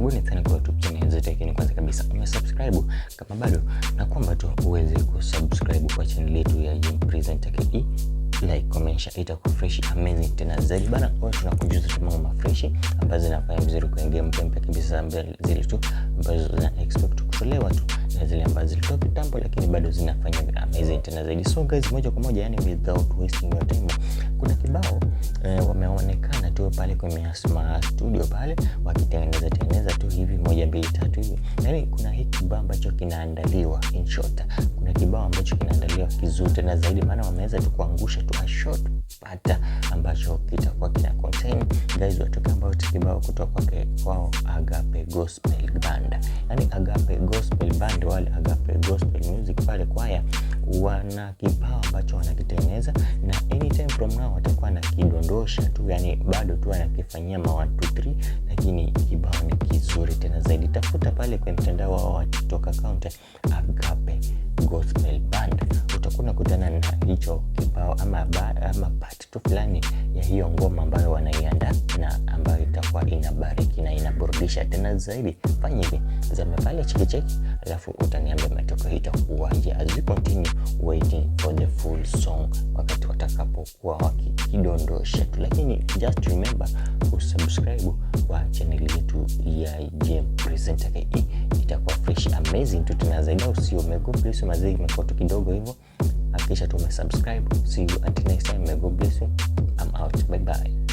Karibuni tena kwa YouTube channel yetu, lakini kwanza kabisa umesubscribe kama bado, na kwamba tu uweze kusubscribe kwa channel yetu ya Jim Presenter KE, like, comment, share, ita itakufresh amazing tena zaidi bana. Kwa tunakujuza tu mambo mafreshi ambazo zinafanya vizuri kwenye game mpya kabisa, zile tu ambazo zina expect kutolewa tu na zile ambazo zilitoka kitambo, lakini bado zinafanya amazing tena zaidi. So guys, moja kwa moja, yani without wasting your time pale kwenye studio pale wakitengeneza tengeneza tu hivi moja mbili tatu hivi, yaani kuna hii kibao ambacho kinaandaliwa, in short, kuna kibao ambacho kinaandaliwa kizuri tena zaidi, maana wameweza tu kuangusha tu a short pata ambacho kitakuwa kina contain guys watoke ambao kibao kutoka kwao Agape Gospel Band, yani Agape Gospel Band wale Agape Gospel Music pale kwaya wana kipawa ambacho wanakitengeneza na anytime from now watakuwa kidondosha tu, yani bado tu wanakifanyia ma 1 2 3, lakini kibao ni kizuri tena zaidi. Tafuta pale kwenye mtandao wao wa TikTok account Agape Gospel Band, utakuwa unakutana na hicho kibao ama, ama part tu fulani ya hiyo ngoma ambayo wanaiandaa na ambayo itakuwa inabariki na inaburudisha tena zaidi. Fanya hivi, zame pale cheki cheki, alafu utaniambia matokeo itakuwaje, as we continue waiting for the full song, wakati watakapokuwa wakidondosha tu. Lakini just remember kusubscribe kwa channel yetu ya Jay Presenter KE, itakuwa fresh amazing tu tena zaidi, please mazee imekuwa tu kidogo hivyo hakikisha tumesubscribe. See you until next time, may God bless you. I'm out, bye bye.